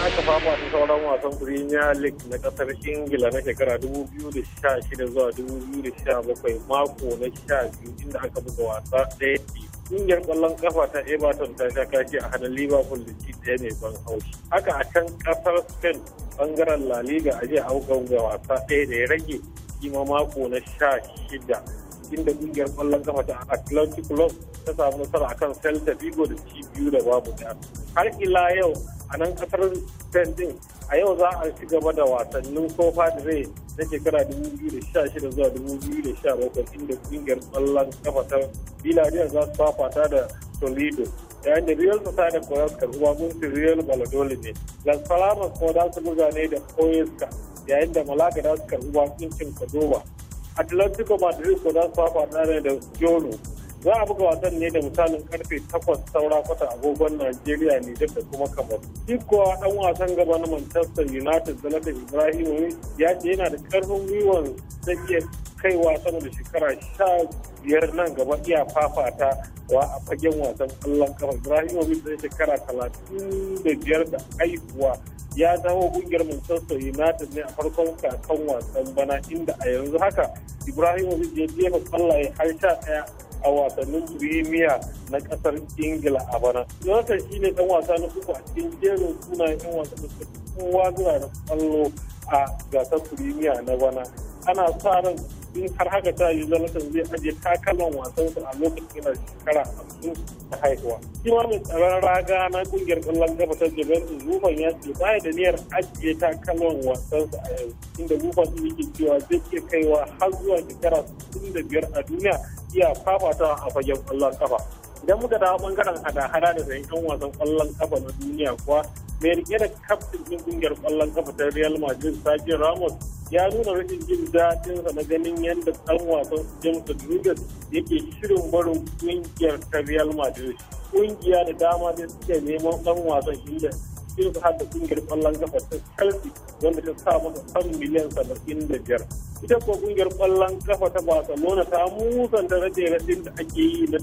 aka fafata sauran wasan Premier League na kasar Ingila na shekara 2016 zuwa 2017 mako na 12 inda aka buga wasa ɗaya kungiyar kwallon kafa ta Everton ta sha kashi a hannun Liverpool da ci ɗaya mai ban haushi. Haka a can kasar Spain bangaren La Liga a jiya a ga wasa ɗaya da ya rage kima mako na sha shida inda kungiyar kwallon kafa ta Atlantic Club ta samu nasara akan Celta Vigo da ci biyu da babu ɗaya. Har ila yau a nan kasar Spain a yau za a ci gaba da wasannin Copa da Rey na shekara 2016 zuwa 2017 inda kungiyar kwallon kafa ta Villarreal za su fafata da Toledo yayin da Real Sociedad Corral karɓuwa gunsin Real Valladolid ne. Las Palmas ko za su buga ne da Oyesca yayin da Malaga za su karɓuwa gunsin Cordova. Atlantico Madrid ko za su fafata ne da Jono za a buga wasan ne da misalin karfe takwas saura kwata agogon najeriya ne da kuma kamar shi kuwa dan wasan gaba na manchester united zalatan ibrahimovic ya ce yana da karfin gwiwan da ke kaiwa sama da shekara sha biyar nan gaba iya fafata wa a fagen wasan allah kafa ibrahimovic zai shekara talatin da biyar da haihuwa ya zama kungiyar Manchester United ne a farkon kakan wasan bana inda a yanzu haka Ibrahimovic ya jefa kwallaye har sha ɗaya a wasannin Premier na kasar Ingila a bana. Jonathan shi ne ɗan wasa na uku a cikin jerin sunayen 'yan wasa da suka kowa zura na kwallo a gasar Premier na bana. Ana sa ran in har haka ta yi Jonathan zai ajiye takalan su a lokacin yana shekara hamsin da haihuwa. Shi ma mai tsaron raga na kungiyar ƙwallon gaba ta Juventus zuban ya ce baya da niyyar ajiye takalan wasansa a yau. Inda Zufan yake cewa zai iya kaiwa har zuwa shekara biyar a duniya iya fafatawa a fagen kwallon kafa idan muka dawo bangaren hada-hada da sayan yan wasan kwallon kafa na duniya kuwa mai rike da kaftin din kungiyar kwallon kafa ta real madrid sergio ramos ya nuna rashin jin sa na ganin yadda ɗan wasan james rodriguez yake shirin barin kungiyar ta real madrid kungiya da dama ne suke neman ɗan wasan inda sai su haɗa ƙungiyar ƙwallon kafa ta Chelsea wanda ta sa masa kan miliyan saba'in da biyar. Ita ko ƙungiyar ƙwallon kafa ta Barcelona ta musanta rage-ragen da ake yi na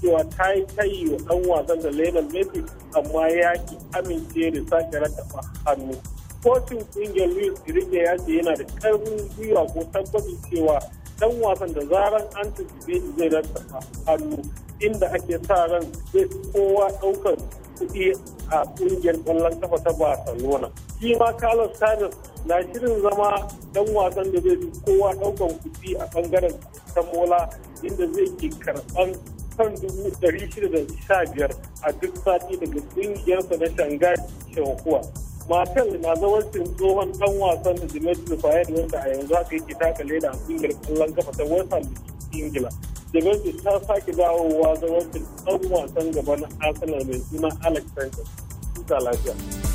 cewa ta yi tayi wa ɗan wasan da Lionel Messi amma ya ki amince da sake ratafa hannu. Kocin ƙungiyar Luis Enrique ya ce yana da ƙarfin gwiwa ko tabbacin cewa ɗan wasan da zaran an tuntuɓe zai ratafa hannu inda ake sa ran zai kowa ɗaukar kuɗi a kungiyar kwallon kafa ta barcelona shi ma carlos sainz na shirin zama dan wasan da zai fi kowa daukan kuɗi a bangaren mola inda zai ke karɓan kan dubu ɗari shida da sha biyar a duk sati daga kungiyarsa na shanghai shahuwa Martel na zawarcin tsohon dan wasan da Dimitri Payet wanda a yanzu haka yake taka leda a kungiyar kwallon kafa ta West Ingila. Juventus ta sake dawowa zama ɗan wasan gaba na Arsenal mai suna Alex Sanchez. Tuta lafiya.